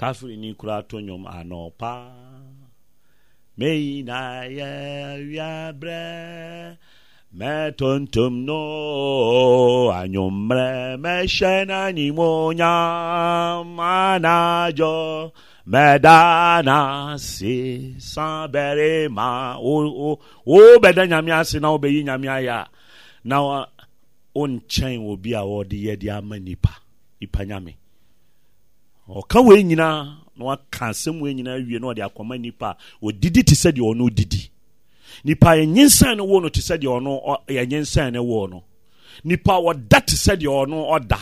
kafiri koraa to nnwom anɔpa meyina yɛ wiabrɛ mɛtontom no anwommerɛ mɛhyɛ n'animonyam anadwo mɛdana se san bɛre ma wo bɛda nyame ase na wobɛyi nyame ayɛ a na wo nkyɛn obi a wɔde yɛde ama nipa nipa nyame ɔka wei nyinaa na waka asɛm wei nyinaa wie na ɔde akɔma nipa a ɔdidi te sɛ deɛ ɔno didi nipa yɛnyensan no wɔ no te sɛ deɛ ɔno yɛnyensan no wɔ no nipa ɔda te sɛ deɛ ɔno ɔda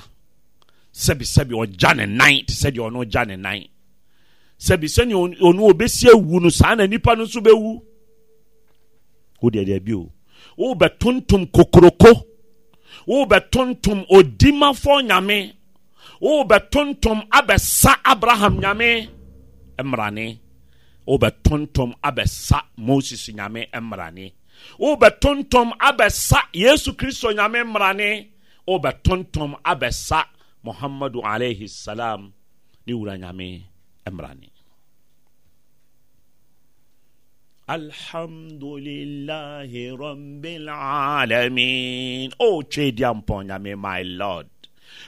sɛbisɛbi ɔgya ne nan te sɛ deɛ ɔno gya ne nan sɛbisɛni ɔno ɔbɛsi ewu no saa na nipa no nso bɛwu wo deɛ deɛ bi o wo bɛ tuntum kokoroko wo bɛ tuntum odimafɔ nyame wobɛtontom abɛsa abraham nyame mmarane wobɛtontom abɛsa moses nyame mmarane wobɛtontom abɛsa yesu kristo nyame mmarane wobɛtontom abɛsa muhammadu alayhi salam ne wura nyame mmarane alhamdulillahi rabbil alamin o oh, twɛdiampɔ nyame my lord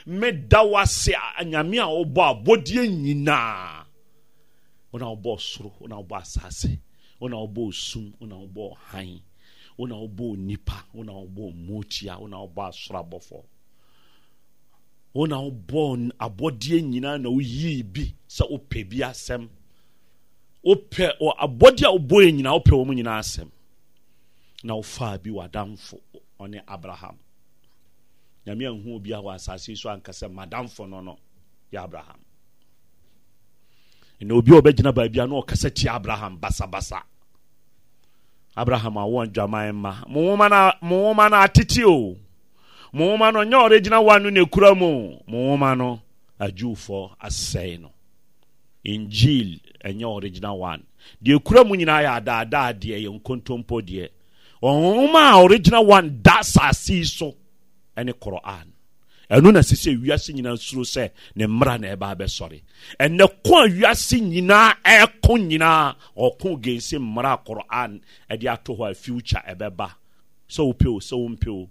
mɛda wase nyame a wobɔ abɔdeɛ nyinaa wona wobɔ soro wona wobɔ asase wona wobɔ sum wona wobɔ han wona wobɔ nipa wona wobɔ motia wona wobɔ asoro abɔfɔ wona wobɔ abɔdeɛ nyinaa na woyii bi sɛ wopɛ bi asɛm wopɛ abɔdeɛ a wobɔɛ nyinaa wopɛ wɔ mu nyinaa asɛm na wofaa bi wadamfo ɔne abraham nyame anhu obi a wɔ asase so anka madamfo no no yɛ abraham na obi a ɔbɛgyina baabi a ɔkasa tia abraham basabasa abraham awo ndwaman ma mo nwoma no atete o mo nwoma no nyɛ ɔregyina wa no na ekura mu mo no adwufoɔ asɛe no injil ɛnyɛ original one deɛ kura mu nyinaa yɛ adaadaa deɛ yɛ nkontompo deɛ ɔnwoma a original one da saase so ɛne koran ɛno na sisɛ wiase nyinaa suro sɛ ne mmara na ɛba bɛsɔre ɛnɛ ko a wiase nyinaa ɛko nyinaa ɔko gense mmara koran ɛde ato hɔ a future ɛbɛba sɛ wopeo sɛ wompeo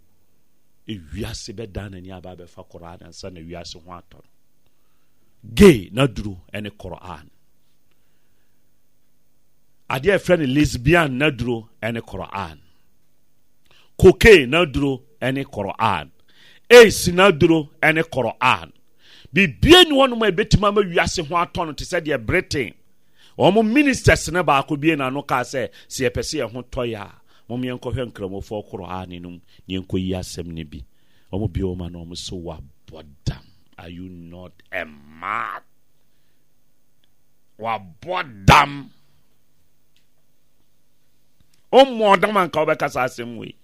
ewiase bɛdan n'ani aba bɛfa koran ansa na wiase ho atɔ no gay na duro ɛne koran adeɛ ɛfrɛ no lesbian na duro ɛne koran cocaine na duro ɛne koran esina duro ne kɔrɔan ni hɔnom a ɛbɛtumi ama wiase ho atɔ no te sɛ deɛ britain wɔn ministers ne baako bie n'ano kaa sɛ si yɛpɛ sɛ yɛn wɔn yɛn kɔhwɛ nkramofoɔ kɔrɔan no mu yɛn kɔ yi asɛm bi wɔn wɔn wɔn dam dam asɛm wei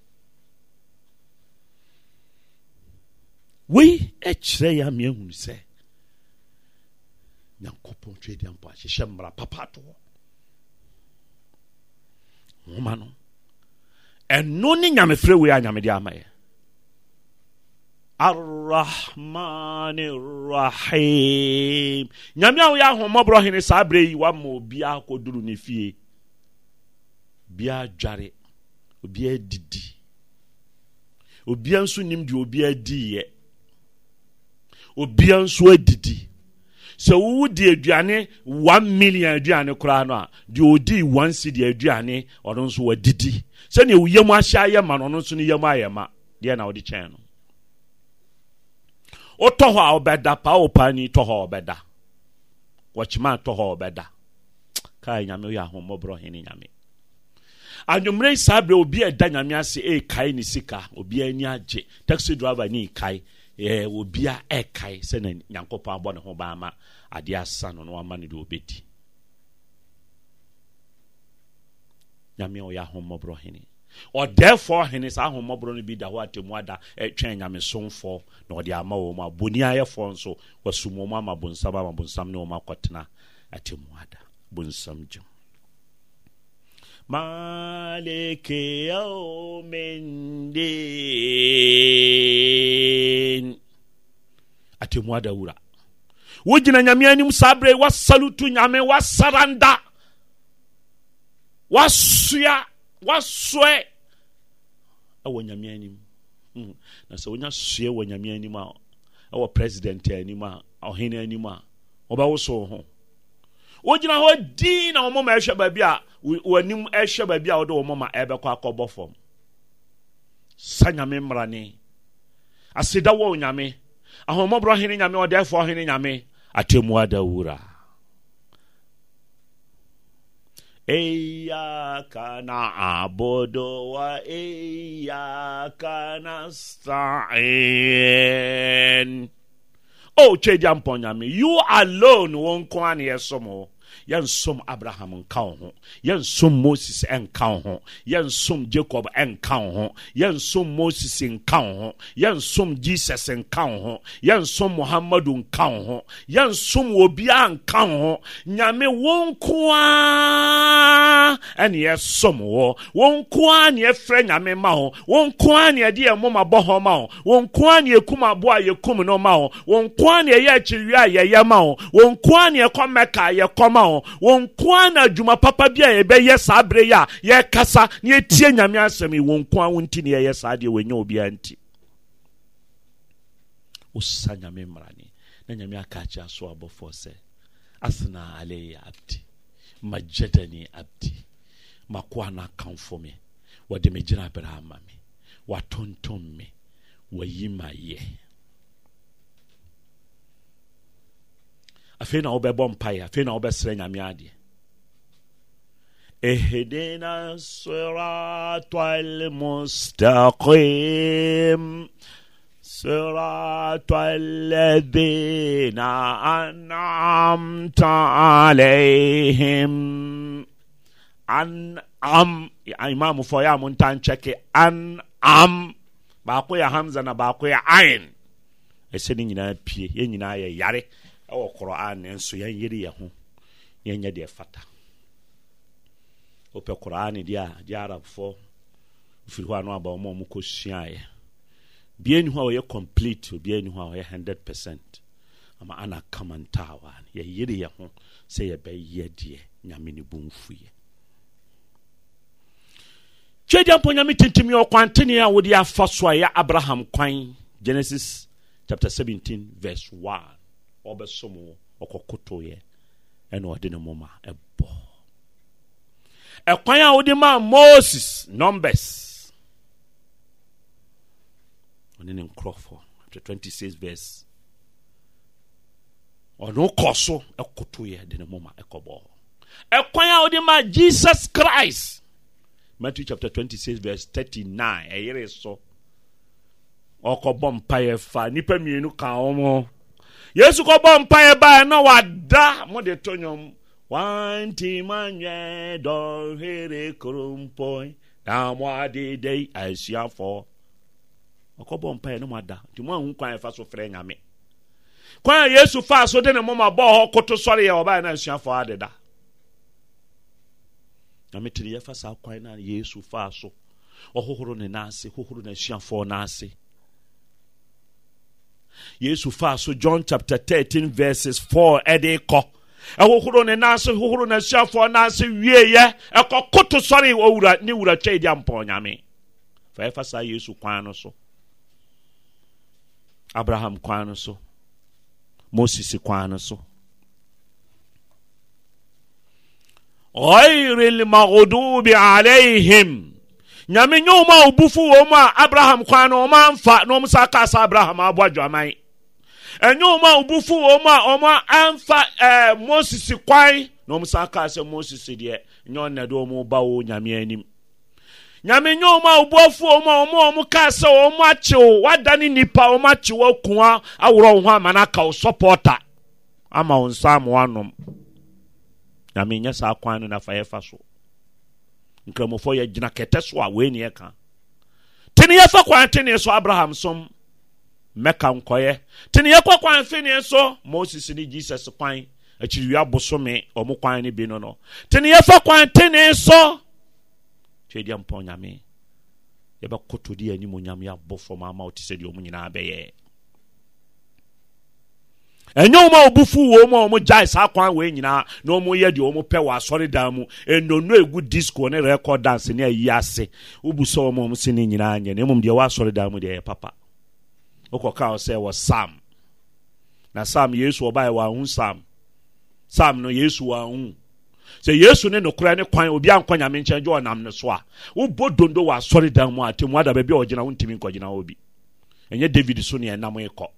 wei kyerɛ yɛ ama ehunu sɛ nyankopɔn twɛ di mpɔ ahyehyɛ mmara papa toɔ nwoma no ɛno ne nyamefrɛ wei a nyamede ama yɛ arrahmani rahim nyame a woyɛ ahommɔborɔ hene saa berɛ yi woama obiaa kɔduru ne fie obiaa dware obiaa didi obiaa nso nim deɛ obiaa diiɛ obia nso adidi sɛ wowu di aduane 1 million aduane koraa no a deɛ ɔdii 1 cedi aduane ɔno nso wadidi sɛnea wo yam ahyɛ ayɛ ma no ɔno nso no yam ayɛ ma deɛ na wode kyɛn no wotɔ hɔ a paa wo paa ni tɔ hɔ a wɔkyema tɔ hɔ a kae nyame woyɛ ahommɔborɔ hene nyame anwummerɛ obi a ɛda ase ɛɛkae ne sika agye taxi driver ne obia ɛkae sɛne nyankopɔn abɔ ne ho baama adeɛ asa no na wama no deɛ ɔbɛdi nyame a ɔyɛ ahommɔborɔ hene ɔdɛɛfoɔ hene saa ahommɔborɔ no bi da hɔ atemu ada ɛtwɛn nyamesomfoɔ na ɔde ama wɔ mu a boni ayɛfoɔ nso wɔasumɔ mu ama bonsam ama bonsam ne wɔ mu akɔtena atemu ada bonsam gyem maliki yaumindin atemmua dawura wogyina nyame anim saa berɛ wasalutu nyame wasaranda wasoa wasoɛ ɛwɔ nyame anim hmm. na sɛ wonya soɛ wɔ nyame anim a ɛwɔ president anim a ɔhene anim a ɔbɛwoso ho wogyina hɔ din na wɔn ma ɛhwɛ baabi a wɔanim ɛhwɛ baabi a wɔde wɔn ma ɛbɛkɔ akɔbɔ fam sa nyame mmara ne aseda wɔ nyame ahoɔmɔborɔ hene nyame ɔdɛɛfoɔ hene nyame atemmu adawura إياك نعبد وإياك نستعين Oh, Chejamponyami, you alone won't go on here some yɛnsom abraham nka wo ho yɛnsom moses nka wo ho yɛnsom jacob nka wo ho yɛnsom moses nka wo ho yɛnsom jesus nka wo ho yɛnsom muhammadu nka wo ho yɛnsom obiara nka wo ho nyame wo nko a ɛne yɛsom wɔ wo nko a ne yɛfrɛ nyame ma ho wo nko a ne yɛde yɛ moma bɔ hɔ ma ho wo nko a ne yɛkum aboa a yɛkum no ma ho wo nko a ne yɛyɛ akyiriwie yɛyɛ ma ho wo nko a ne yɛkɔ mɛka yɛkɔ ma ma wɔn wɔn nko ara na adwuma papa bi a yɛbɛyɛ saa berɛ yi a yɛrekasa na yɛtie nyame asɛm yi wɔn nko ara wɔn na yɛyɛ saa deɛ wɔnyɛ obiara nti wosa nyame mmarane na nyame aka akyɛ so abɔfoɔ sɛ asena aleyɛ abdi majadani abdi makoa no akamfo me wɔde me gyina berɛ ama me watontom me wayi ma yɛ afei na wobɛbɔ mpae afei na wobɛsrɛ nyame adeɛ اهدنا الصراط المستقيم صراط الذين أنعمت عليهم أنعم إمام فويا منتان شكي أنعم باقوية همزة باقوية عين ɛsɛ ne nyinaa pie yɛ nyinaa yɛ yare ɛwɔ ne nso yɛnyere yɛn ho yɛnyɛ deɛ fata wopɛ koraan deɛ a deɛ arabfoɔ firi hɔ a no aba ɔma ɔmo suaeɛ bia ni hɔ a ɔyɛ complete obia ni hɔ a ɔyɛ 100 percent ama ana kama ntaawa no yɛyere yɛn ho sɛ yɛbɛyɛ deɛ nyame ne bomfuyɛ twedeɛ mpo nyame tentimi ɔkwantene a wode afa so a yɛ abraham kwan genesis chapter 17 verse 1 ɔbɛsom wo ɔkɔkotoeɛ ɛna ɔde ne moma ɛbɔ ɛkwan a wode maa moses numbers ɔne ne nkurɔfoɔ chapter 26 verse ɔno kɔ so ɛkotoeɛ de ne moma ɛkɔbɔɔ ɛkwan a wode maa jesus christ matthew chapter 26 verse 39 ɛyere so ɔkɔbɔ mpaeɛ fa nnipa mmienu ka wɔn yesu kɔbɔ mpaeɛ baeɛ na wada mode to nnwom wantimanyɛ dɔhere krompɔn na mo adedei asuafoɔ ɔkɔbɔ mpaeɛ na moada nti mo ahu kwan ɛfa so frɛ nyame kwan a yesu faa so de ne moma bɔɔ hɔ koto sɔre yɛ ɔbaeɛ na asuafoɔ adeda nyame tiri yɛfa saa kwan na yesu faa so ɔhohoro ne naase hohoro n'asuafoɔ naase yesu fa so john chapter 13 verses 4 ɛde eh, kɔ ɛhohoro ne nase hohoro n'asuafoɔ nase wieɛ ɛkɔ koto sɔre ne wura twɛ di ampɔ nyame saa yesu kwan no so abraham kwan no so moses kwan no so غير المغضوب عليهم nyame nyɛ ɔma a ɔbufu wɔ mu a abraham kwan no ɔma na ɔm sa kaa sa abraham aboa adwaman ɛnyɛ ɔma a ɔbufu wɔ mu a ɔma amfa ɛɛ eh, moses kwan na ɔm sa kaa sɛ moses deɛ nyɛ ɔnna de ɔmo ba wɔ nyame anim nyame nyɛ ɔma a wɔ mu a ɔmo kaa sɛ ɔmo nipa ɔmo aworɔ wo ho ama aka ama wo yɛ yɛgyina kɛtɛ so a wei neɛ ka tene fa kwan teneɛ so abraham som mɛka nkɔyɛ tene kɔ kwan feneɛ so moses ne jesus kwan akyiriwia bosome ɔmo kwan no bi no no tene yɛfa kwan tene so twɛdeɛ mpɔ nyame yɛbɛkoto de nyame ama wo te sɛdeɛ ɔmo nyinaa bɛyɛ ɛnyɛ wɔn a obu fu wɔn a wɔn gyae saa kwan wɔn nyinaa na wɔn yɛ deɛ wɔn pɛ wɔ asɔredan mu nnono egu disco ne record dance ne ayi ase wobu sɛ wɔn a wɔn si ne nyinaa nyɛ na mmom deɛ wɔ asɔredan mu deɛ yɛ papa wokɔ kaa sɛ wɔ sam na sam yesu ɔbaa yɛ wɔn sam sam no yesu wɔn ahu sɛ yesu ne nokorɛ ne kwan obi ankɔ nyame nkyɛn gye ɔnam ne so a wobɔ dondo wɔ asɔredan mu a temu ada baabi a ɔgyina wontumi nkɔgyina hɔ bi ɛnyɛ david so ne ɛnam ekɔ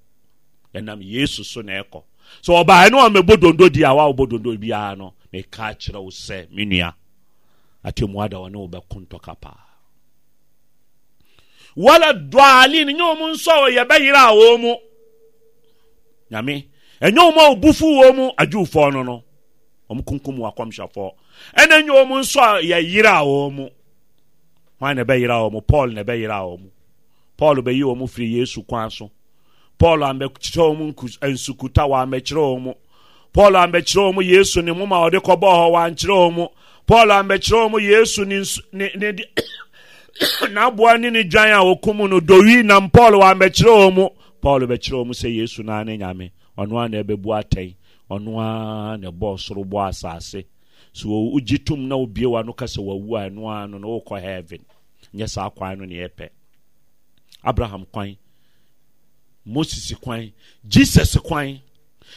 ɛnam yesu so na ɛkɔ so ɔbaa ɛno a mɛbɔ dondo di a wa wobɔ dondo biara no meka kyerɛ wo sɛ me nua atemmua da ɔne wobɛko ntɔka paa wala dɔalin nyɛ wɔn nso a yɛbɛyera a wɔn mu nyame ɛnyɛ wɔn a obufu wɔn mu adwufoɔ no no wɔn kunkum wɔ akɔmhyɛfoɔ ɛna nyɛ wɔn nso a yɛyera a wɔn mu wɔn na ɛbɛyera a wɔn mu paul na ɛbɛyera a wɔn mu paul bɛyi wɔn firi yesu kwan so. paul ambɛkyerɛw mu nsukuta wɔambɛkyerɛw mu paul ambɛkyerɛw mu yesu ne moma ɔde kɔbɔɔ hɔ wɔankyerɛw mu paul ambɛkyerɛw mu yesu ne n'aboa ne ne dwan a no nam paul mu paul mu sɛ yesu naa ne nyame ɔno na ɛbɛbu atɛn ɔno a na ɛbɔɔ soro bɔ so na wobie wa no ka a ɛno na heaven nyɛ saa kwan no yɛpɛ abraham kwan moses kwan jesus kwan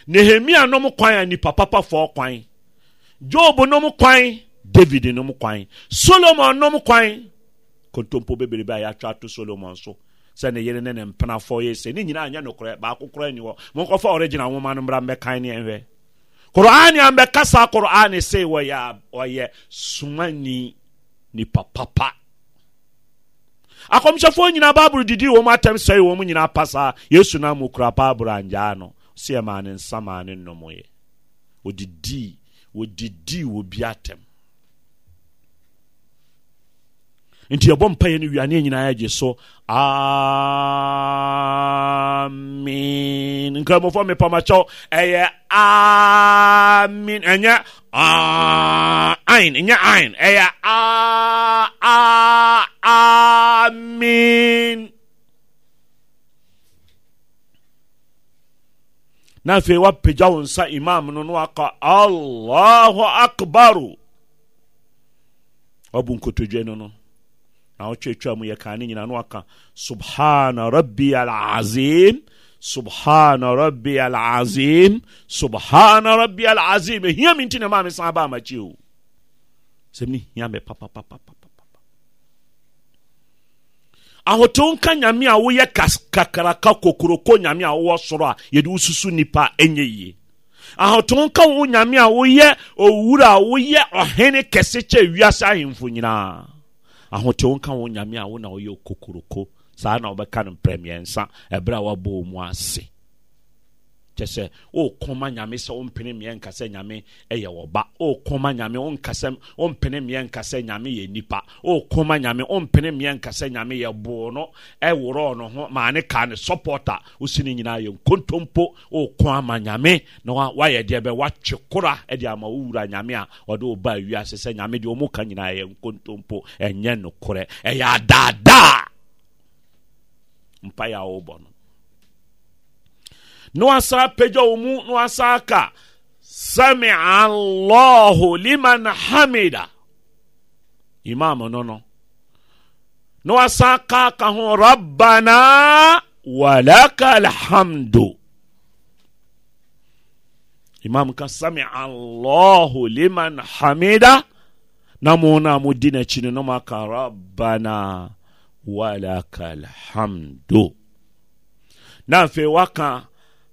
nehemia nom kwan a nipa papafoɔ kwan job nom kwan david nom kwan solomon nom kwan kontompo bebrebe a yɛatwa ato solomon so sɛ ne yere ne ne mpenafoɔ yɛ sɛ ne nyinaa nyɛ nokorɛ baako korɔ ni hɔ monkɔfa original nwoma no mmra mmɛkan ne ɛnhwɛ korɔane a mbɛka saa korɔane sei wɔyɛ soma ni nipa papa akɔmhyɛfoɔ nyinaa baabolo wɔ m atɛm sɛe m nyinaa pasaa yesu na mu kura baabolo anyaa no sɛ maa ne nsa maa ne nnomoeɛ ɔdidii wɔ bi atɛm nti yɛbɔ mpaeɛ no wianeɛ nyinaa agye so amin me mepamakyɛw ɛyɛ amin ɛnyɛ ain ɛnyɛ ain ɛyɛ amin na afei wapagya wo nsa imam no no waka allahu akbaru wabu nkotodwe no no na nawokyecwamu yekane nyina no aka subhana rabbi alazim subhana rabbi alazim subhana rabbi alazim ehiam nti ne maame san baa makyiw sɛm ne hia mɛ papapapapa ahotew nka nyame a woyɛ kakraka kokoroko nyame a wowɔ soro a yɛde wo susu nipa ɛnyɛ yie ahotew nka wo nyame a woyɛ owura a woyɛ ɔhene kɛse kyɛ wiase ahemfo nyinaa ahotew nka wo nyame a wo na woyɛ kokoroko saa na wobɛka no mprɛmiɛnsa ɛberɛ a woabɔ mu ase kyɛ sɛ wokɔma nyame sɛ wompene mmeɛ nka sɛ nyame ɛyɛ wɔba wokɔma nyame wonkasɛ wompene mmeɛ nka sɛ nyame yɛ nipa wokɔma nyame wompene mmeɛ nka sɛ nyame yɛ boo no ɛworɔɔ no ho maa ne kaa ne sɔpɔta wosi no nyinaa yɛ nkontompo wokɔ ama nyame na woayɛ deɛ bɛ woatwe kora ɛde ama wowura nyame a ɔde woba awiase sɛ nyame deɛ ɔmu ka nyinaa yɛ nkontompo ɛnyɛ nokorɛ ɛyɛ adaadaa mpayɛ a wobɔ no na wasa apagya wɔn mu na wasa aka sami allahu liman hamida imam no no na wasa aka aka ho rabbana walaka alhamdu imam ka sami allahu liman hamida na mu na mu di n'akyi no na mu aka rabbana walaka alhamdu na afei waka.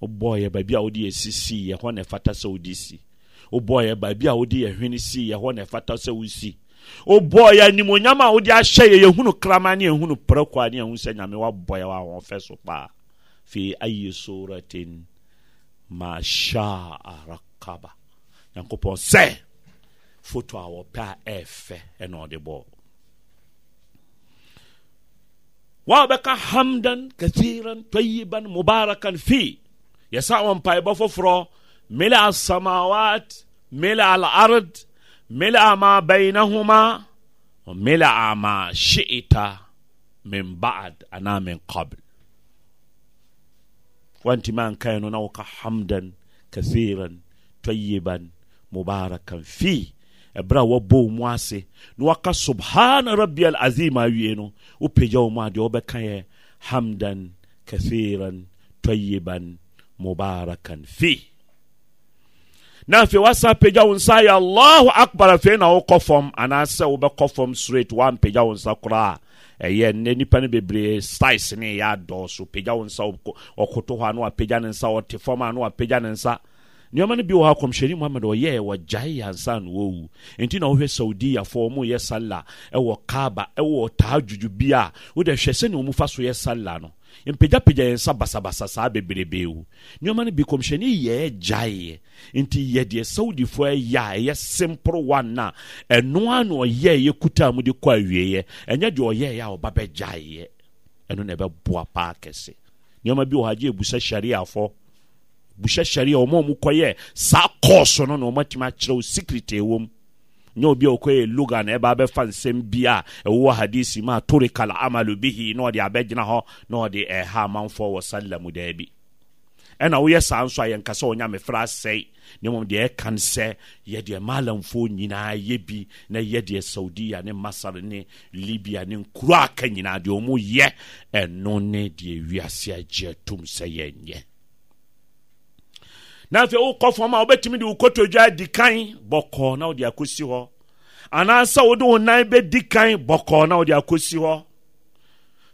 wobɔɔyɛ baabi a wode yɛsisii ɛhɔ na ɛfata sɛ wode si wobɔɔyɛ baabi a wode yɛhwene sii ɛhɔ na ɛfata sɛ wosi wobɔɔyɛ animonyam a wode ahyɛ yɛ yɛhunu krama ne yɛhunu prɛkoa ne yɛhu sɛ nyame woabɔyɛ wɔ so paa fi ayi suratin mashaa rakaba nyankopɔn sɛ foto a wɔpɛ a ɛɛfɛ ɛna ɔde bɔɔ wa bɛka hamdan kathiran tayiban mubarakan fii yɛsa wɔ mpaebɔ foforɔ mele asamawat mele alard mele ama bainahuma mele ama shi'ita min ba'd anaa min qabl وانت ما كان نوك حمدا كثيرا طيبا مباركا فيه ɛberɛ a wɔbɔ mu ase na waka subhana rabbi alazim awie no wopagya wo mu a deɛ wobɛka yɛ hamdan kathiran tayiban mubarakan fi na afei wasa pagya wo nsa yɛ allahu akbar afei na wokɔ fam anaasɛ wobɛkɔ fam straight woampagya wo nsa koraa ɛyɛ nnɛ nipa no bebree styles ne ɛyɛ adɔɔso pagya wo nsa ɔkoto hɔ a na wapagya ne nsa ɔte fam a na wapagya ne nsa nneɛma no bi wɔ hɔ akɔmhyɛni muhammad ɔyɛɛ wɔgyae ansa na wɔwu enti na wohwɛ saudiyafoɔ ɔmo yɛ salla ɛwɔ kaaba ɛwɔ taa dwudwu bi a wode hwɛ sɛnea ɔmu fa so yɛ salla no mpagyapagya yɛn nsa basabasa saa bebrebee o nneɛma no bi kɔmhyɛni yɛɛ gyaeɛ nti yɛ deɛ saudifoɔ ɛyɛ a ɛyɛ simporo one na ɛnoa na ɔyɛɛ yɛ kuta mu de kɔ awieɛ ɛnyɛ deɛ ɔyɛɛ a ɔba bɛgyaeɛ ɛno na ɛbɛboa paa kɛse nneɛma bi wɔ ha gye ebusa hyɛriafo busa hyɛria wɔn a kɔyɛ saa kɔɔso no na wɔn atumi akyerɛw sikiriti ɛwɔ mu nyɛ obi a wɔkɔyɛ logan ɛba bɛfa nsɛm bi a ɛwowɔ hadisi ma torikal amalu bihi na ɔde abɛgyina hɔ na ɔde ɛha amanfoɔ wɔ salamu daabi ɛna woyɛ saa nso a yɛnka sɛ ɔnyame fra asɛe ne mmom deɛ ɛka n sɛ yɛdeɛ malamfoɔ nyinaa yɛ bi na yɛdeɛ saudia ne masar ne libia ne nkuro aka nyinaa deɛ ɔmu yɛ ɛno ne deɛ wiase agye atom sɛ yɛnyɛ na afei wokɔ fam a wobɛtumi de wo kotodwa di kan bɔkɔɔ na wode akɔsi hɔ anaasɛ wode wo nan bɛdi kan bɔkɔɔ na wode akɔsi hɔ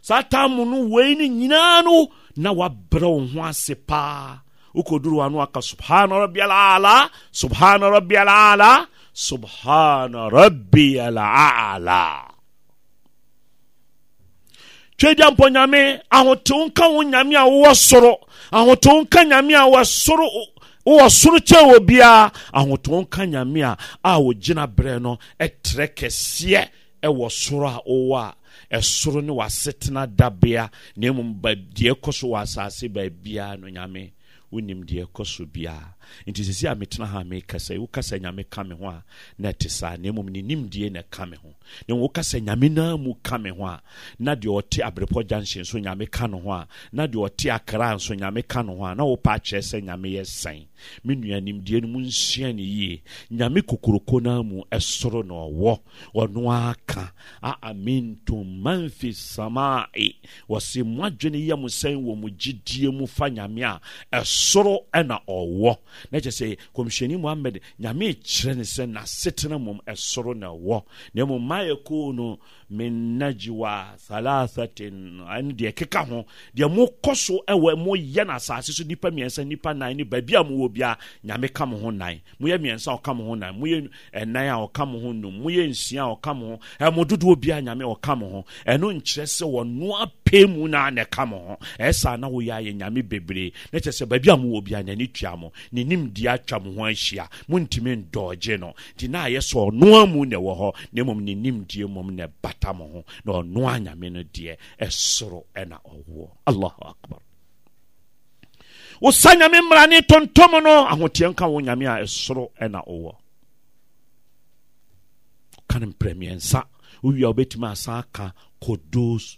saa mu no wei no nyinaa no na wabrɛ wo ho ase paa wokɔduru wa no aka subhana rabbi subhana rabbi subhana rabbi alaala mpɔ nyame ahotew nka wo nyame a wowɔ soro ahotew nka nyame a wɔ soro wowɔ soro kyɛ wɔ biara ahotoɔ nka nyame a a wɔgyina berɛ no ɛtrɛ kɛseɛ ɛwɔ soro a wowɔ a ɛsoro ne wasetena dabea na mmom deɛ kɔ so wɔ asase baabiara no nyame wonim deɛ kɔ so biara nti sisi a metena ha mekasa wokasa nyame ka me ho a na ɛte saa na mmom ne nimdie na ɛka me ho na wokasa nyame naa mu ka me ho a na deɛ ɔte abrepɔ junction nso nyame ka no ho a na deɛ ɔte akra nso nyame ka no ho a na wopɛ akyerɛ sɛ nyame yɛ sɛn me nua nimdie no mu nsua ne yie nyame kokoroko naa mu ɛsoro na ɔwɔ ɔno aka aamintum man fi samai wɔse mo adwene yɛ mo sɛn wɔ mo gyidie mu fa nyame a ɛsoro ɛna ɔwɔ na kyerɛ sɛ kɔmhyɛni mohammed nyame kyerɛ ne sɛ n'asetena mmom ɛsoro na ɛwɔ na mmom mayɛ koo no min najwa thalathatin ɛne deɛ ɛkeka ho deɛ mokɔ so ɛwɔ moyɛ no asase so nnipa mmiɛnsa nnipa nan ne baabi a mowɔ bia nyame ka mo ho nan moyɛ mmiɛnsa a ɔka mo ho nan moyɛ ɛnan a ɔka mo ho num moyɛ nsia a ɔka mo ho ɛmo dodoɔ bia nyame ɔka mo ho ɛno nkyerɛ sɛ wɔno apɛ mu no a na ɛka mo ho ɛsaa na woyɛ ayɛ nyame bebree na kyerɛ sɛ baabi a mowɔ bia n'ani tua mo ne nimdeɛ atwa mo ho ahyia montumi ndɔɔgye no nti na ayɛ sɛ ɔno a mu na ɛwɔ hɔ na mmom ne nimdeɛ mmom na ɛbata na ɔno nyame no deɛ ɛsoro ɛna ɔwoɔ allahu akbar wosa nyame mmara ne tontom no ahoteɛ nka wo nyame a ɛsoro ɛna ɔwɔ ka no mprɛmiɛnsa wowie a wobɛtumi aka kodos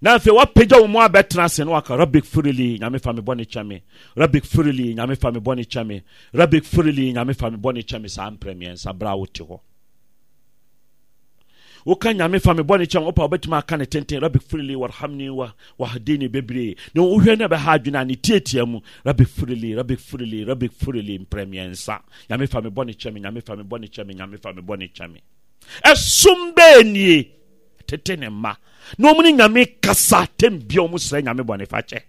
na afei wo mu abɛtena ase no waka rabik firili nyame fa me bɔne kyɛ me rabik firili nyame fa me bɔne kyɛ me rabik firili nyame fa me bɔne kyɛ me saa mprɛmiɛnsa berɛ a wote hɔ woka nyame fa me bɔne kyɛ me wopa wobɛtumi aka ne tenten rabik firili warhamni wa wahdini bebree na wohwɛ ne bɛha adwene a ne tiatia mu rabik firili rabik firili rabik firili mprɛmiɛnsa nyame fa me bɔne kyɛ me nyame fa me bɔne kyɛ me nyame fa me bɔne kyɛ me ɛsom bɛɛ nie tete ne mma na ɔmu ne nyame kasa tɛm bia ɔmu srɛ nyame bɔnefakyɛ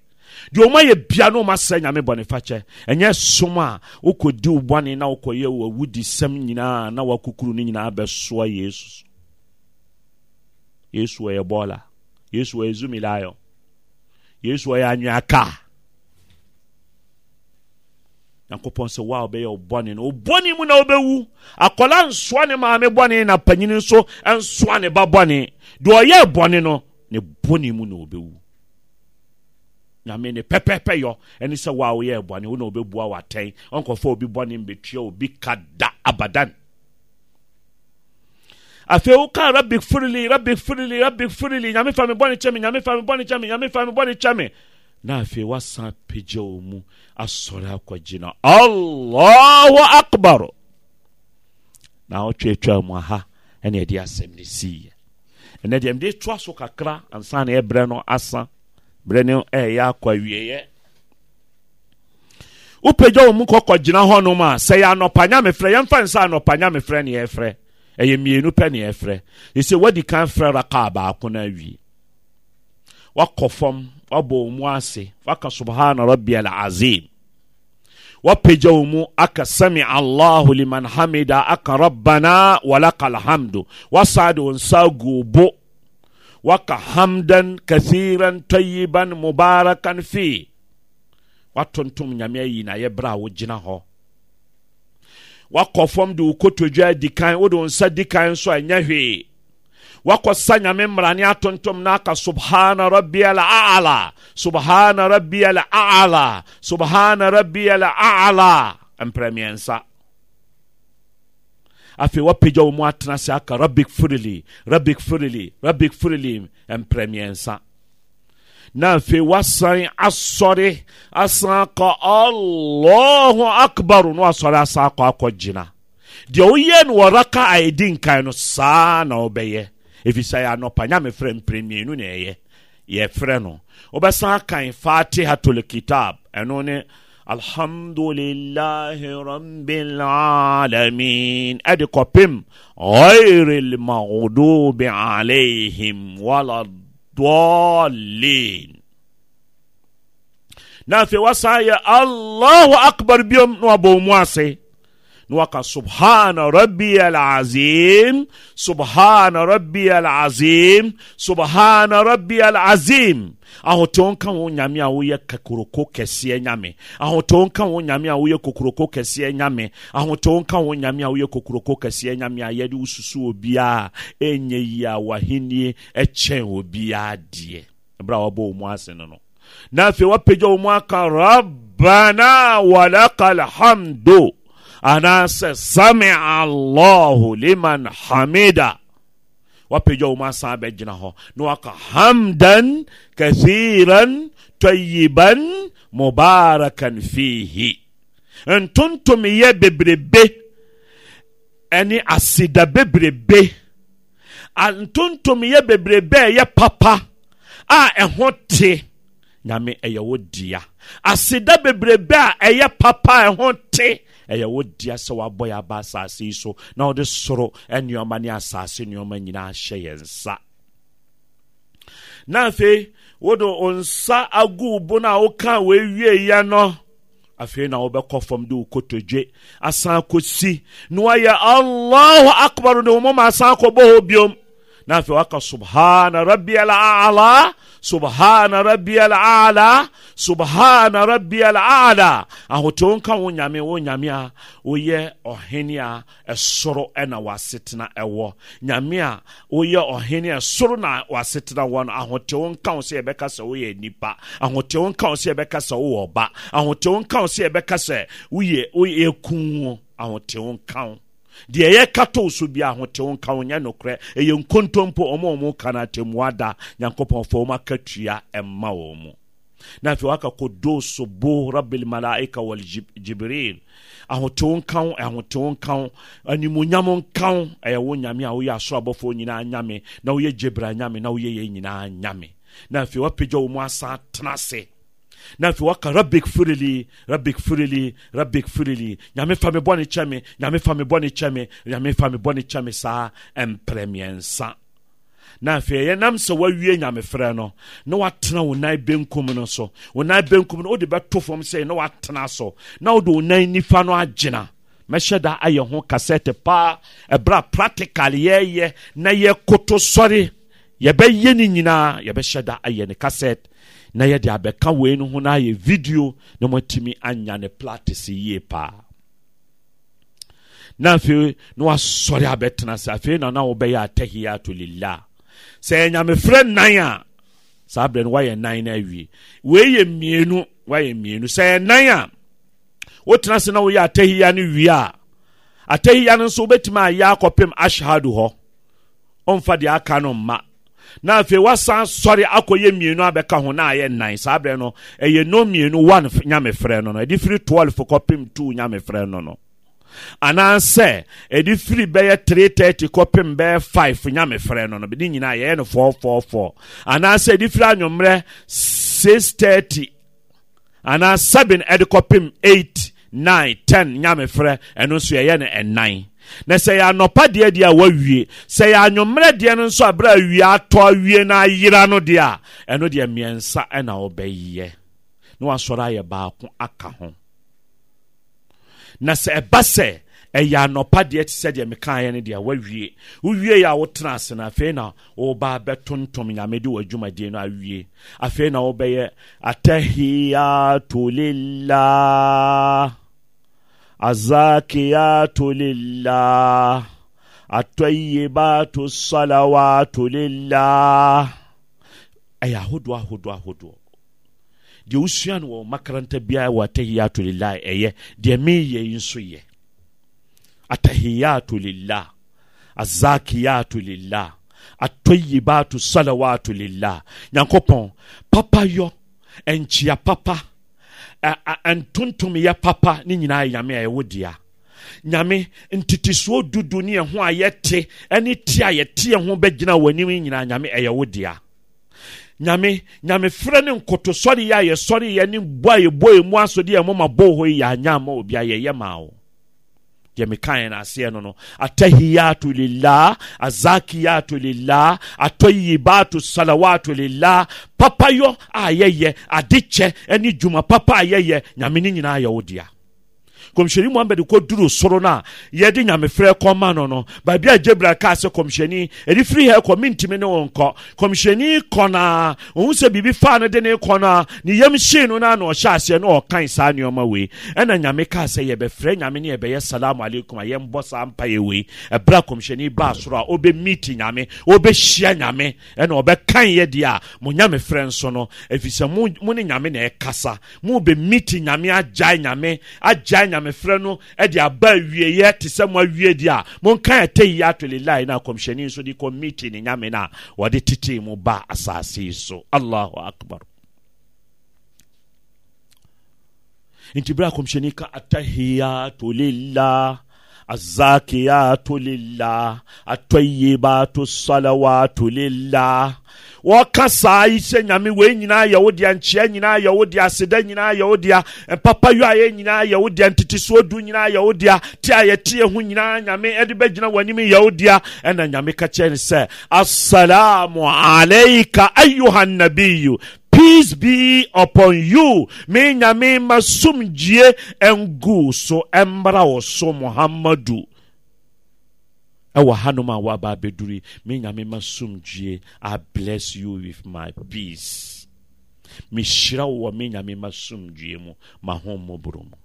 deɛ ɔma yɛ bia na ɔma srɛ nyame bɔnefakyɛ ɛnyɛ som a wokɔdi wo bɔne na wokɔyɛ wawudi sɛm nyinaa na wakukuru no nyinaa bɛsoa yesu yesu ɔyɛ bɔɔla yesu ɔyɛ zumilayɔ yesu ɔyɛ anweaka nyankopɔn sɛ woa bụ ya bɔne no mu na wobɛwu akɔla nsoa ne maame bɔne na panyini nso nsoa ne ba bɔne deɛ na wobɛwu nyame ne pɛpɛpɛ yɔ ɛne sɛ bɔne na wobɛbua watɛn ɔnkɔfa obi bɔne mbɛtua obi kada firili firili firili nyame fa bɔne nyame fa bɔne na afei woasan apagya wɔ mu asɔre akɔgyina allahu akbar na wotwatwaa mu aha ɛne ɛde asɛm no siiɛ ɛnɛ deɛ mede toa so kakra ansa na ɛbrɛ no asa berɛ no ɛyɛ akɔ awieɛ wopagya wɔ mu gyina hɔnom a sɛ yɛ anɔpa nyamefrɛ yɛmfa nsa anɔpa nyamefrɛ ne yɛfrɛ ɛyɛ mmienu pɛ ne yɛfrɛ ɛsɛ wadi kan frɛ raka baako no awie wak fo wab omu as ka sbhan bi alazim wapjaomu aka samia llah liman hamida aka abana aak lhamd wasadsagobo waka hamdan kairan tayiban mubarakan wattaynrawo ina wak d okdsdkis wakɔsa nyame mmarane atontom na aka subhana rabia ala subhana rabia ala subhana rabia ala mprɛmiɛnsa afei wapagya wɔ mu atena sɛ aka rabik firili rabik firili rabik firili mprɛmiɛnsa na afei wasan asɔre asan akɔ allahu akbar na wasɔre asan akɔ akɔ gyina deɛ woyɛ no wɔ raka a ɛdi nkan no saa na wobɛyɛ ɛfisɛ yɛ anɔpa nyame frɛ mprɛmienu ne ɛyɛ yɛfrɛ no wobɛsan akan fatihatul kitab ɛno ne alhamdulillahi rabbil alamin ɛde kɔpem ghairi lmaghdubi alaihim waladallin na afei wasan yɛ allahu akbar biom na wabɔ mu ase waka subhana rabbiyal azim subhana rabbiyal azim subhana rabbiyal azim ahotew nka wo nyame a woyɛ kokoroko kɛseɛ nyame ahotew nka wo nyame a woyɛ kokoroko kɛseɛ nyame ahotew nka wo nyame a woyɛ kokoroko kɛseɛ nyame a yɛde wo susu a ɛnyɛ yi a wahennie ɛkyɛn obiaa deɛ ɛberɛ a wɔbɔ wo mu ase no no na afei woapagya wo mu aka rabbana walaka alhamdo ana sɛ sami allahu liman hamida wapagya wo mu asan abɛgyina hɔ na waka hamdan kathiran tɔyiban mubarakan fihi ntontomyɛ bebrebe ɛne asida bebrebe ntontomyɛ bebrebe ɛyɛ papa a ɛho te nyame ɛyɛ wo dea aseda bebrebe a ɛyɛ papa ɛho te ɛyɛ wo dea sɛ woabɔ yɛ aba asase yi so na wode soro nneɔma ne asase nneɔma nyinaa hyɛ yɛ nsa na afei wode wo nsa agu bo no a woka wɔawieɛ no afei na wobɛkɔ fam de wo kotodwe asan kɔsi na woayɛ allahu akbar ne wo moma asan kɔbɔ hɔ biom n'a fɛ waka subhana rabbiyal ala subhana rabbiyal ala subhana rabbiyal ala ahotɛ nka wo nyame wo nyame a woyɛ ɔhene a ɛsoro ɛna wasetena ɛwɔ nyame a woyɛ ɔhene a ɛsoro na wasetena wɔ no ahotɛ wo nka wo sɛ yɛbɛka sɛ woyɛ nipa ahotɛ wo nka wo sɛ yɛbɛka sɛ woyɛ ɔba ahotɛ wo nka wo sɛ yɛbɛka sɛ woyɛ yɛku wo ahotɛ wo wo deɛ yɛka too so bia ahotew nka wo nyɛ nokorɛ ɛyɛ nkontompo ɔma ɔmo ka no atemmua da nyankopɔn fa ɔm aka tua ɛmma wɔ mu na afei waka kodos bo rabilmalaika waljibril ahotew nka wo ahotew nka wo animuonyam nka wo ɛyɛ wo nyame a woyɛ asorabɔfoɔ nyinaa nyame na woyɛ gyebra nyame na woyɛ yɛ nyinaa nyame na afei wapagya wo mu asa tena se na afei waka rabik firili rabik firili rabik firili nyame fa me bɔne kyɛ me nyame fa me bɔne kyɛ me nyame fa me bɔne kyɛ me saa mprɛ mmiɛnsa na afei yɛnam sɛ woawie nyamefrɛ no na woatena wo nan benkum no so wo nan benkum no wode bɛto fam sɛ na woatena so na wode wo nan nifa no agyena mɛhyɛ da ayɛ ho kasɛte paa ɛberɛ practical yɛyɛ na yɛkoto sɔre yɛbɛyɛ no nyinaa yɛbɛhyɛ da ayɛ ne kasɛte na yɛde abɛka wei no ho na ayɛ video na moatumi anya ne platese yie paa na afei na wasɔre abɛtena se afei na na wobɛyɛ atahiyatu lillah sɛ ɛnyamefrɛ nan a saa berɛ no woayɛ nan no awie wei yɛ mmienu woayɛ mmienu sɛ ɛnan a wotena se na woyɛ atahiya no wie a atahiya no nso wobɛtumi ayɛ akɔpem ashhadu hɔ ɔmfa deɛ aka no mma na afei wasan sɔre akɔyɛ mmienu abɛka ho na ayɛ nnan saa berɛ no ɛyɛ no mmienu one nyamefrɛ no no ɛde firi 12 kɔpem 2 nyamefrɛ no no anaasɛ ɛde firi bɛyɛ 330 kɔpem bɛyɛ 5 nyamefrɛ no no ne nyinaa yɛyɛ no 444 anaasɛ edifiri six thirty seven ɛde kɔpem eight nine ten nyamefrɛ ɛno nso yɛyɛ no ɛnan na sɛ yɛ anɔpa deɛ deɛ a wawie sɛ yɛ anwommerɛ deɛ no nso aberɛ a wie atɔ awie no ayera no deɛ a ɛno deɛ mmiɛnsa ɛna wɔbɛyɛ na wasɔre ayɛ baako aka ho na sɛ ɛba sɛ ɛyɛ anɔpa deɛ te sɛ deɛ mekaeɛ no deɛ wawie wowie a wotena ase no afei na woba bɛtontom nyame de w'adwumadie no awie afei na wobɛyɛ atahiyato lillah azakiyatu lillah atayibatu salawatu lillah ɛyɛ ahodoɔ ahodoɔ ahodoɔ deɛ wosua no wɔ makaranta biara wɔ atahiyatu lillah ɛyɛ deɛ meyɛ yi nso yɛ atahiyatu lillah azakiyatu lillah atayibatu salawatu lillah nyankopɔn papayɔ ɛnkyia papa ntontomyɛ papa ne nyinaa yɛ nyame a ɛwɔ dea nyame ntetesoɔ dudu ne ɛho a yɛte ne te a yɛte ho bɛgyina w'anim nyinaa nyame ɛyɛ wo dea nyame nyame frɛ ne nkotosɔre yɛ a yɛsɔre yɛ ne bo a yɛbɔ yɛ mu asɔde yɛ moma bɔ hɔ yi obi a yɛyɛ maa wo yɛmekaeɛ no aseɛ no no atahiyatu lillah azakiyatu lillah atɔyibatu salawatu lillah papayɔ a yɛyɛ adekyɛ ɛne dwuma papa a yɛyɛ nyame no nyinaa yɛwo dea kɔmhyɛni mohammed kɔduru soro no a yɛde nyamefrɛ kɔma no no baabi a gyebra kaa sɛ kɔmhyɛni ɛde firi ha kɔ mentimi ne wo nkɔ kɔmhyɛni kɔ no a ɔhu sɛ biribi faa no de ne kɔ no a ne yam hyee no no a na ɔhyɛ aseɛ na ɔkan saa nneɔma wei ɛna nyame kaa sɛ yɛbɛfrɛ nyame ne yɛbɛyɛ salamu alaikum a yɛmbɔ saa mpayɛ wei ɛberɛ a kɔmhyɛni baa soro a ɔbɛmiti nyame ɔbɛhyia nyame ɛna ɔbɛkan yɛ deɛ a mo nyamefrɛ nso no ɛfiri sɛ mo ne nyame na ɛkasa mobɛmiti nyame agyae nyame agyae nyame nyamefrɛ no ɛde aba awieɛ te sɛ mo awie deɛ a monka ɛtɛ yiyɛ atolilai no a kɔmhyɛni nso de kɔ ne nyame no a wɔde tetee mu ba asase yi so allahu akbar nti berɛ a kɔmhyɛni ka atahiyatolillah الزاكيات لله الطيبات الصلوات لله wɔkasa yi sɛ nyame wei nyinaa yɛwo dea nkyeɛ nyinaa yɛwo dea aseda nyinaa yɛwo dea mpapa yɛ nyinaa yɛwo dea ntetesoɔ du nyinaa yɛwo dea te a yɛteɛ ho nyinaa nyame ɛde bɛgyina w'anim yɛwo dea ɛna nyame ka kyerɛ ne sɛ assalamu aleika ayuha nabiyu peace be upon you me nyame ma somgyie ngu so ɛmmra o so mohammadu ɛwɔ hanom a woaba abɛduri me nyame ma somdwue i bless you with my peace mehyira wo wɔ me nyame ma somdwue mu mahommɔborɔ mu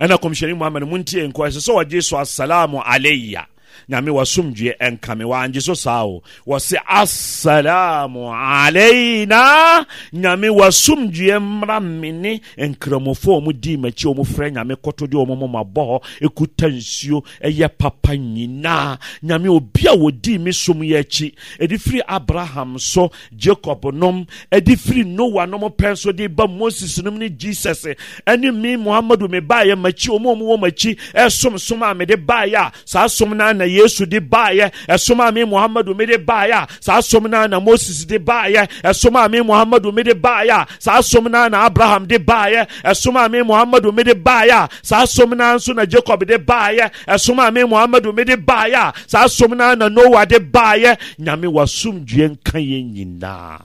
ɛna kɔmhyɛne muhammad montie nkɔ ɛsɛ sɛ wɔgye so assalamu alayya nyame wasomdwe ɛnkame wangye so saa o wɔse assalamu alaina nyame wasomdwe mmra mene nkramofo mu dii makyi ɔ mu frɛ nyame kɔtode ɔ mu momabɔ hɔ ɛkuta nsuo ɛyɛ papa nyinaa nyame obi a wɔdii me som yɛ akyi ɛde firi abraham so jacob nom ɛde firi noa nom pɛn so de ba moses nom ne jesus ɛne me mohamado mebaeɛ makyi ɔ mu ɔ mu wɔ makyi ɛsomsom a mede baeɛ a saa som no na yesu de baayɛ ɛsom a me muhammadu me baayɛ a saa som no na moses de baayɛ ɛsom a me muhammadu me baayɛ a saa som no na abraham de baayɛ ɛsom a me muhammadu me baayɛ a saa som no nso na jacob de baayɛ ɛsom a me muhammadu me baayɛ a saa som no na noa de baayɛ nyame wasomdue nka yɛn nyinaa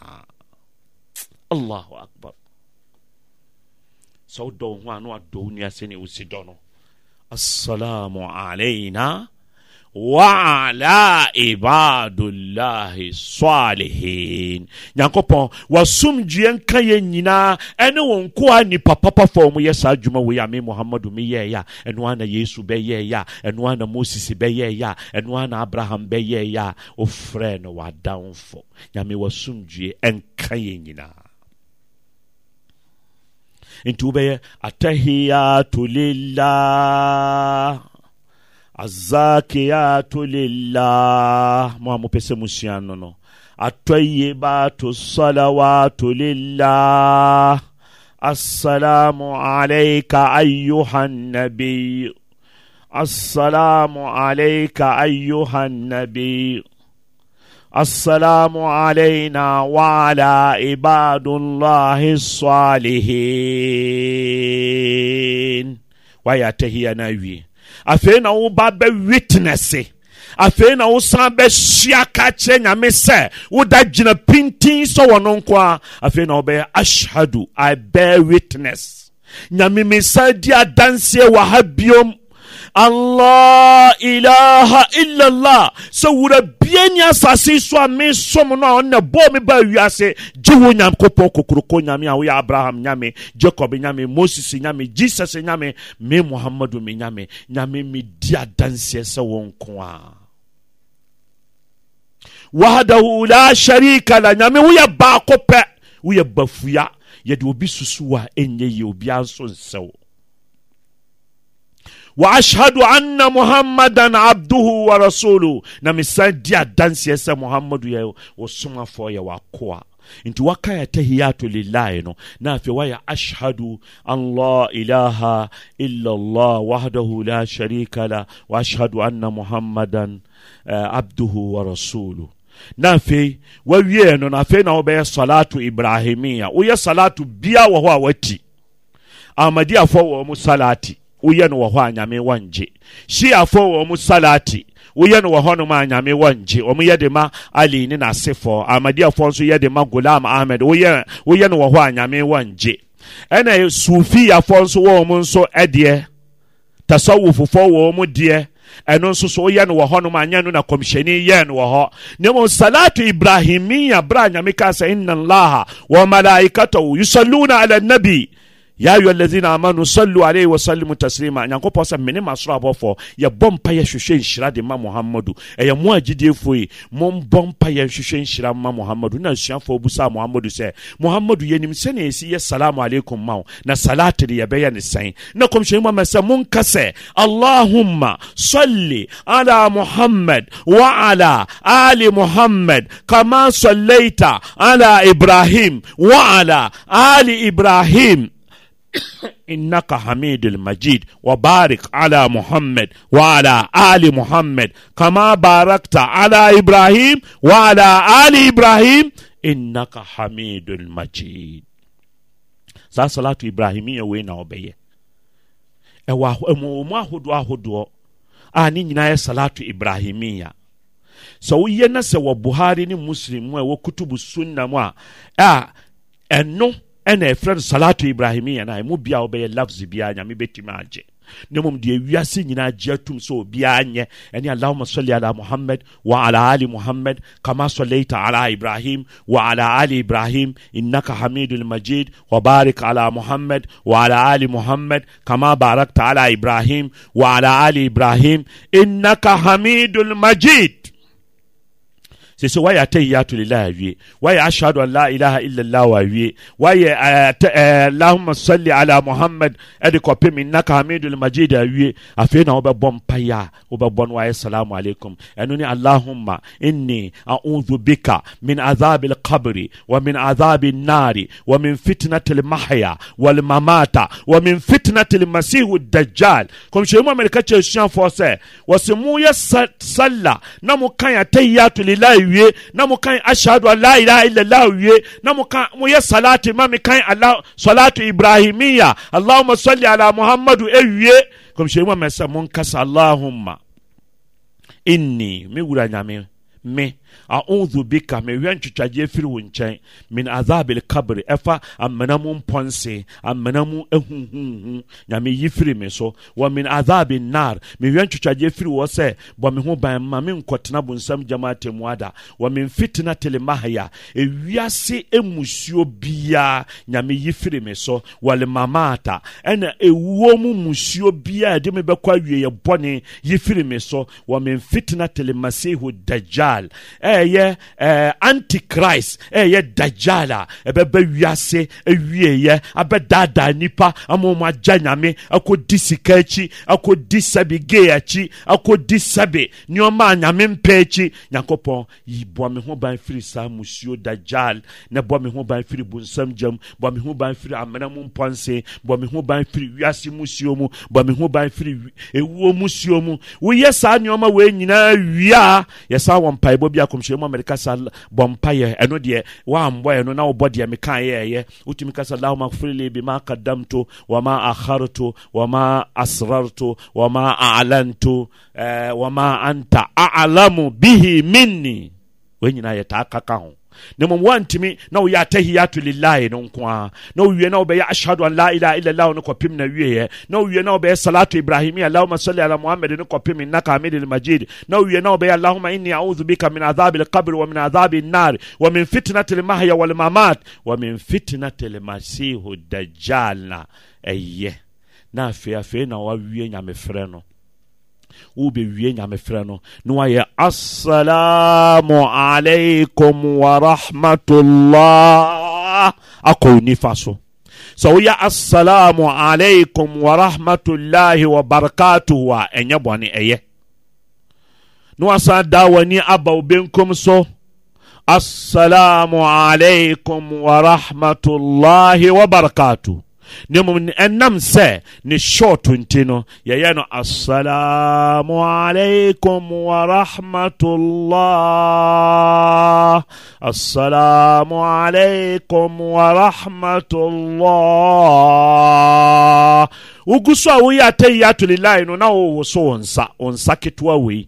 allahu akbar sɛ wodɔ wo ho a na wadɔ wo nua sɛnea wosi dɔ no assalamu alaina la ibadullhi salihin nyankopɔ wasomdwue nka yɛ nyinaa ɛne wɔnkoa nnipa papa fa mu yɛ saa dwuma wo ame mohammado meyɛeyɛ ɛnoana yesu bɛyɛyɛ ɛnoana moses bɛyɛyɛ ɛnoana abraham bɛyɛyɛ wo frɛ no wadamf amewasomdwe nka yyinaa ntiwo bɛyɛ atahiatolea azakiyatu lillah mwamupese musyanono atayibatu salawatu lillah assalamu alaika ayuha nabiyu السلام عليك أيها النبي السلام علينا وعلى عباد الله الصالحين ويا تهيا نبي afei na wo bɛ witness afei na wosan bɛhyia ka kyerɛ nyame sɛ woda gyina pintin sɛ wɔ no nko a afei na wobɛyɛ ashhadu i bear witness nyame mesa di adanseɛ wɔ ha biom allah ilaha illallah sɛ wura bie ni asase so a me som no a ɔnna bɔɔ me ba wiase gye wo nyankopɔn kokoroko nyame a woyɛ abraham nyame jacob nyame moses nyame jesus nyame me mohamado me nyame nyame medi adanseɛ sɛ wo nko a wahdahu la sharika la nyame woyɛ baako pɛ woyɛ bafuya yɛde obi susu a ɛnyɛ yie obiara nso nsɛwo wa ashhadu anna muhammadan abduhu wa rasuluhu na mesan di adanseɛ sɛ muhammadu yɛ wɔsomafoɔ yɛ wakoa nti waka yɛ tahiyatu lillahi no na afei wayɛ ashhadu an la ilaha illa allah wahdahu la sharika la wa ashhadu anna muhammadan uh, abduhu wa rasuluhu na afei wawie no na afei na wobɛyɛ salatu ibrahimia woyɛ salatu bia wɔ hɔ a wati ahmadiafoɔ wɔ mu salati woyɛ no wɔ hɔ a nyame wɔngye shiafoɔ wɔ mu salati woyɛ no wɔ hɔnom a nyame wɔngye wɔn yɛ de ma ali ne n'asefoɔ amadiafoɔ nso yɛ de ma gulam ahmed woyɛ woyɛ no wɔ hɔ a nyame wɔngye ɛna e sufiyafoɔ nso wɔ wɔn nso ɛdeɛ tasawufofoɔ wɔ wɔn deɛ ɛno nso so woyɛ no wɔ hɔnom anyɛ no na kɔmhyɛni yɛ no wɔ hɔ na salatu ibrahimiya berɛ a nyame ka sɛ inna allaha wa malaikatahu yusalluna ala nabi ya ayuha alladhina amanu sallu alayhi wa sallimu taslima nyankopɔn sɛ mene masoro abɔfoɔ yɛbɔ mpa yɛ hwehwɛ nhyira de ma mohamado ɛyɛ e mo agyidiefoɔ yi mombɔ mpa yɛ hwehwɛ nhyira ma mohamado na asuafoɔ bu saa mohamado sɛ mohamado yɛnim sɛne ɛsi yɛ salamu aleikum ma wo na salate de yɛbɛyɛ ne sɛn na kɔmhyɛni mu ama sɛ monka sɛ allahumma salli ala muhammad wa ala ali muhammad kama sallaita ala ibrahim wa ala ali ibrahim innaka hamidul majid wa barik ala muhammad wa ala ali muhammad kama barakta ala ibrahim wa ala ali ibrahim innaka hamidul majid saa salatu ibrahimia wei na ɔbɛyɛ ɛwɔmu ahodoɔ ahodoɔ a ne nyinaa yɛ salatu ibrahimia sɛ woyɛ na sɛ wɔ buhari ne muslim mu a ɛwɔ kutubu sunna mu a ɛno ɛna ɛfrɛ no salato ibrahimia na ɛmu bia wobɛyɛ lafs biaa nyame bɛtumi agye na mmom deɛ wiase nyinaa gye atom sɛ obiaa nyɛ ɛne allahuma sali ala muhammad wa ala ali muhammad kama salaita ala ibrahim wa ala ali ibrahim innaka hamidul majid wa barik ala muhammad wa ala ali muhammad kama barakta ala ibrahim wa ala ali ibrahim innaka hamidul majid sai sai waye atayyatu lillahi awiye waye ashhadu an la ilaha illa allah wa awiye waye allahumma salli ala muhammad adi ko pe min naka hamidul majid awiye afi na obe bon paya obe bon waye salamu alaikum enu ni allahumma inni a'udhu bika min adhabil qabri wa min adhabin nari wa min fitnatil mahya wal mamata wa min fitnatil masih masihu dajjal kom shey mo amerika che shan fo se wasimu mu ya salla na mu kan atayyatu lillahi we namuka ashe namuye salati mami ka salatu ibrahimia allahuma sali ala muhammadu ewe comsemaesa mukasa allahma ini miwura nyami mi a'udhu bika mewia ntwitwadeɛ firi wo nkyɛn min azabil kabri ɛfa amena mu mpɔnse amena mu ahunhunhu nyame firi me so wa min azabil nar mewia ntwitwadeɛ firi wɔ sɛ bɔ me ho ban ma me bonsam gyamaate mu ada wa min fitina telemahaya ewiase emusuo biara nyame firi me so wale mamata ɛna ewuo mu musuo biara ɛde e me bɛkɔ awie yɛ bɔne yi firi me so wa min fitina telemasihu dajjal ɛyɛ ɛɛ antichrist ɛyɛ dajal a ɛbɛbɛ wiase ɛwieyɛ abɛdaadaa nipa ama wɔn agya nyame akɔdi sika akyi akɔdi sɛbi gay akyi akɔdi sɛbi nneɛma a nyame mpɛ akyi nyankopɔn yi bɔ me ho ban firi saa musuo dajal na bɔ me ho ban firi bonsam gyam bɔ me ho ban firi amena mu mpɔnse bɔ me ho ban firi wiase musuo mu bɔ me ho ban firi ewuo musuo mu woyɛ saa nneɛma wei nyinaa wia yɛsan wɔ mpaebɔ bi akɔ kɔmhyɛni mu amɛde kasa bɔ mpayɛ ɛno deɛ woambɔ ɛno na wobɔ deɛ mekaeɛ ɛyɛ wotumi kasa lahuma firili bima kadamto wama akharto wama asrarto wama alanto eh, wama anta aalamu bihi minni wei nyinaa yɛtaa kaka ho ne mmom wantimi na woyɛ atahiyatu lillahi no nko a na wie na bɛyɛ ashhadu an la ilaha illallah no kɔpem na wieɛ na wie na bɛyɛ salatu ibrahimi allahumma salli ala muhammad no kɔpem innaka hamidul majid na wie na bɛyɛ allahumma inni a'udhu bika min adhabi alqabr wa min adhabi an-nar wa min fitnati lmahya mahya wal mamat wa min fitnati lmasihu dajjal na ɛyɛ eh, na afei afei na wawie nyamefrɛ no wobɛwie nyamefrɛ no na wayɛ assalamu alaikum warahmatullah akɔ nifa so sɛ woyɛ assalamu alaikum warahmatullahi wabarakatuhu a ɛnyɛ bɔne ɛyɛ na wasan da w'ani aba wo benkum so assalamu alaikum warahmatullahi wabarakatuhu ne mom ɛnam sɛ ne syɔto nte no yɛyɛ no asm kmtsam kmwaramt wo gu so a woyɛ tayatu lilahi no na wowo so wo nsa wo nsa ketea wei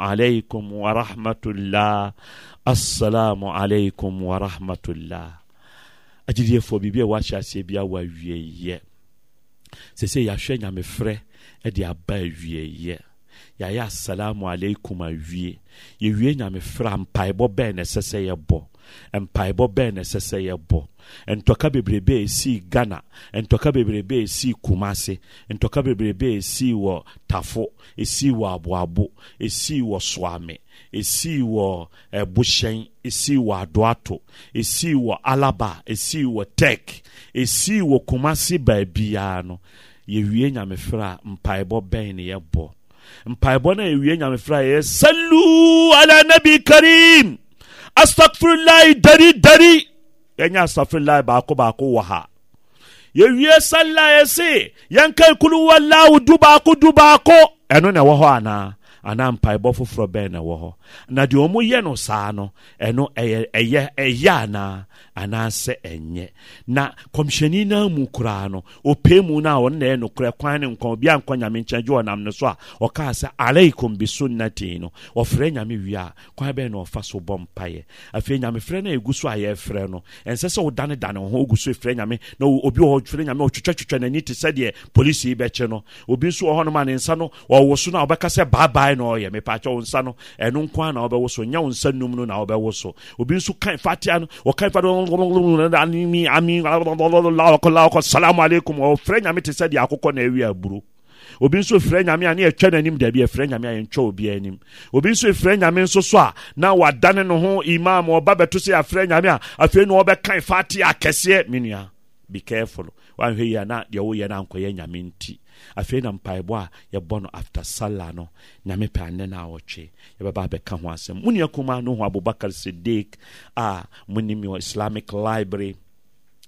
عليكم ورحمة الله السلام عليكم ورحمة الله أجل يفو بيبيا واشا سيبيا ويويي سيسي ياشي نعم فري أدي أبا يويي يا يا السلام عليكم ويويي يويي نعم فرام بايبو بين سيسي يبو mpaebɔ bɛn na ɛsɛ sɛ yɛbɔ ntɔka bebrebe esii ghana ntɔka bebrebe esii kumase ntɔka bebrebe esii wɔ tafo esii wɔ aboabo esii wɔ soame esii wɔ eh, ɛbohyɛn esii wɔ adoato esii wɔ alaba esii wɔ tek esii wɔ kumase baabiara no yɛwie nyamefrɛ a mpaebɔ bɛn na yɛbɔ mpaebɔ no yɛwie nyamefrɛ a salu ala nabi karim astaghfirullah dari dari yɛnyɛ astaghfirullah baako baako wɔ ha yɛwie sallah yɛse yɛnka kulu wallahu du baako du baako ɛno na ɛwɔ hɔ anaa anaa mpaebɔ foforɔ bɛn na ɛwɔ hɔ na deɛ ɔmo yɛ no saa no ɛno ɛyɛ ɛyɛ ɛyɛ anaa anaasɛ ɛnyɛ na kɔmhyɛni no mu koraa no ɔpɛ mu no a ɔno na ɛnokorɛ kwan ne nkɔn obi ankɔ nyame nkyɛn gye ɔnam no so a ɔkaa sɛ alaikum bisunnati no ɔfrɛ nyame wie a kwan bɛn na ɔfa so bɔ mpayɛ afei nyamefrɛ no a ɛgu so a yɛfrɛ no ɛnsɛ sɛ wodanedane wo ho gu so ɛfrɛ nyame na obi wɔ frɛ nyame ɔtwitwatwitwa n'ani te sɛdeɛ polisi yi bɛkye no obi nso wɔ hɔnom a ne nsa no ɔwo so no a wɔbɛka sɛ baabae na ɔyɛ mepaakyɛ wo nsa no ɛno nko a na wɔbɛwo so nyɛ wo nsa num no na wɔbɛwo so obi nso ka fatea no wɔka fa ami ami salamu alaikum ɔfrɛ nyame te sɛ deɛ akokɔ na awi aburo obi nso frɛ nyame a ne yɛtwa noanim daabi ɛfrɛ nyame a yɛntwa obiaa anim obi nso frɛ nyame nso so a na wadane no ho imam ɔba bɛto sɛ yɛafrɛ nyame a afei na fa faate akɛseɛ menua be careful wahwɛ yi a na deɛ woyɛ no ankɔyɛ nyame nti afei na mpaebɔ a yɛbɔ no after sala no nyame pɛ anɛ no a wɔtwe yɛbɛba bɛka ho asɛm mo nua kuma no ho abubakar sidik a monim islamic library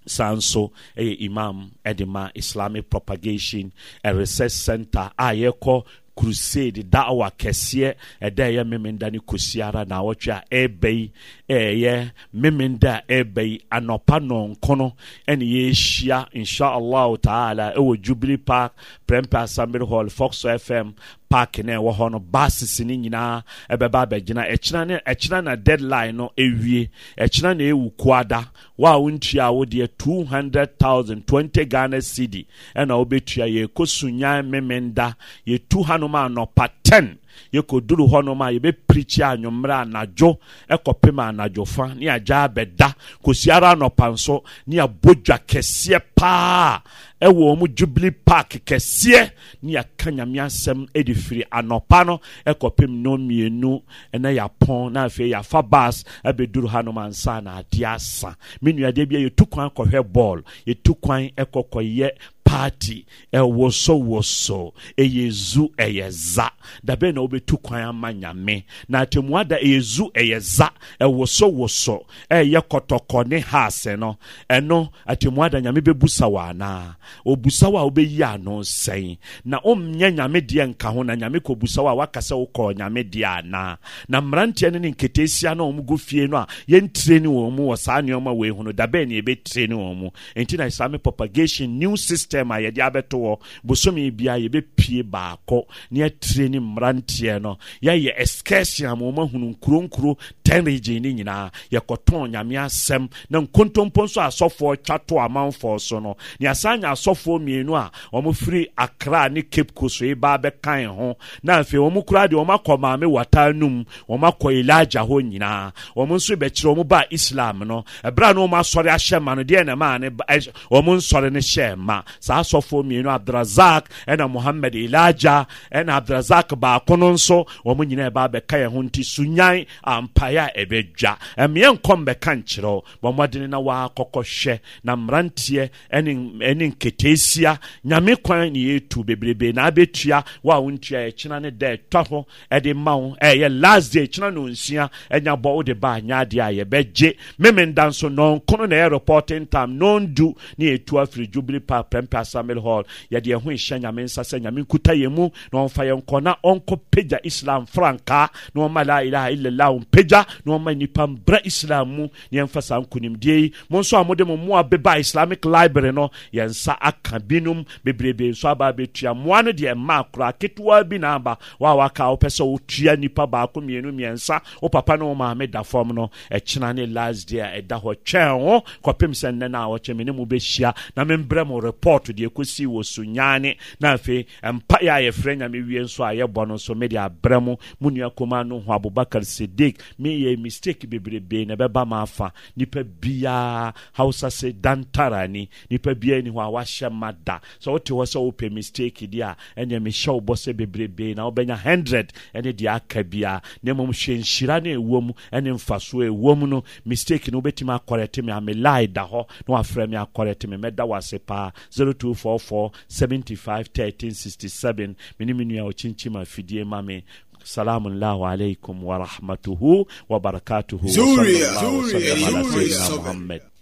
san so ɛyɛ imam ɛde ma islamic propagation a research center a yɛkɔ crusade da'awa kɛseɛ ɛda ɛyɛ memenda ne kɔsi ara na awɔtwe a ɛɛbɛ yi ɛɛyɛ memenda a ɛɛbɛ yi anɔpa nɔnkono ɛne yɛhyia inshallah taala ɛwɔ jubilee park prɛmpɛ assembly hall fox fm park na ɛwɔ hɔ no buses no nyinaa ɛbɛba abɛgyina ɛkyina ne ɛkyina na deadline no ewie ɛkyina na ewu kuada wa a wontua a wodeɛ two hundred thousand twenty ghana cedi ɛna wobɛtua yɛ ekosu nyan memenda yɛ tu hanom anɔpa ten. yɛkɔduru hɔnom a yɛbɛpirikyi anwommerɛ anadwo ɛkɔpem anadwo fa ne yɛagyaa bɛda kɔsi ara anɔpa nso ne yɛabɔ dwa kɛseɛ paa ɛwɔ mu jubilee park kɛseɛ ne yɛka nyame asɛm de firi anɔpa no ɛkɔpem no mmienu ɛna yɛapɔn na afei yɛafa bas abɛduru hanom ansa na adeɛ asa me nuadeɛ bia yɛtu kwan kɔhwɛ bɔɔl yɛtu kwan ɛkɔkɔyɛ party ɛwɔ so wɔ so ɛyɛ zu ɛyɛ za dabere na wobɛtu kwan ama nyame na atemmuada ɛyɛ zu ɛyɛ za ɛwɔ so wɔ so ɛyɛ kɔtɔkɔ ne haase no ɛno atemmuada nyame bɛbusa wɔ anaa ɔbusa wɔ a wobɛyi ano nsɛn na ɔmnyɛ nyame deɛ nka ho na nyame kɔbusa wɔ a waka sɛ wokɔɔ nyame deɛ anaa na mmeranteɛ no ne nketesia no ɔm gu fie no a yɛntire ne wɔn mu wɔ saa nneɔma wei ho no dabere ne yɛbɛtire ne wɔn mu enti na saa me propagation new system system a yɛde abɛto hɔ bosome biara yɛbɛpie baako ne atire ne mmeranteɛ no yɛyɛ excursion a moma hunu nkuro nkuro ten region ne nyinaa yɛkɔtɔn nyame asɛm na nkontompo nso asɔfoɔ twa to amanfoɔ so no ne asan nya asɔfoɔ mmienu a wɔn firi ne cape coast yi ba abɛkan ho na afei wɔn kura deɛ wɔn akɔ maame wata num wɔn akɔ hɔ nyinaa wɔn nso bɛkyerɛ wɔn ba islam no ɛbɛrɛ a no wɔn asɔre ahyɛ ma no deɛ na maa ne ba wɔn nsɔre ne hyɛ ma saa asɔfoɔ mmienu abdrazak ɛna mohammed elijah ɛna abdrazak baako no nso wɔn nyinaa ɛba abɛka yɛn ho nti sunyan ampaeɛ a ɛbɛdwa ɛmeɛ nkɔm bɛka nkyerɛw wɔn adini na wakɔkɔhwɛ na mmeranteɛ ɛne ɛne nketeesia nyame kwan ne yɛtu bebrebe na abɛtua wa a wontua yɛkyena ne da ɛtwa ho ɛde ma wo ɛyɛ last day kyena no nsia ɛnya bɔ wode ba anyɛ adeɛ a yɛbɛgye memenda nso nɔnkono na ɛyɛ reporting time nondu ne yɛtu afiri jubili pa pɛmpɛ pɛ assembly hall yɛde ɛho nhyɛ nyame nsa sɛ nyame nkuta yɛ mu na ɔmfa yɛn nkɔ na ɔnkɔ pagya islam frankaa na ɔma la ilaha illallah mpagya na ɔma nipa mbra islam mu na yɛmfa saa nkonimdie yi mo nso a mode mo mmoa beba islamic library no yɛnsa aka binom bebrebe nso aba bɛtua mmoa no deɛ mmaa koraa ketewa bi na aba wa a waka wopɛ sɛ wotua nipa baako mmienu mmiɛnsa wo papa ne wo maame da fam no ɛkyena ne last day a ɛda hɔ twɛn ho kɔpem sɛ nnɛ no a wɔkyɛ me ne mu bɛhyia na membrɛ mo report ato deɛ kɔsii wɔ sonyaane na afei mpayɛ a yɛfrɛ nyame wie nso a yɛbɔ no nso mede abrɛ mu mu nua koma no ho abubakar sidik meyɛ mistake bebrebe na ɛbɛba ma afa nipa biaa hausa sɛ dantarani nipa biaa ni hɔ a wahyɛ ma da sɛ wote hɔ sɛ wopɛ mistake deɛ a ɛneɛ mehyɛ wo bɔ sɛ bebrebee na wobɛnya 100 ɛne deɛ aka biaa na mmom hwɛ nhyira no ɛwɔ mu ɛne mfasoɔ ɛwɔ mu no mistake no wobɛtumi akɔrɛte me a me lie da hɔ na wafrɛ me akɔrɛte me mɛda wo ase paa 0 0244 75 1367 mene me nua ɔkyinkyim afidie ma me سلام الله عليكم ورحمته وبركاته سوريا سوريا محمد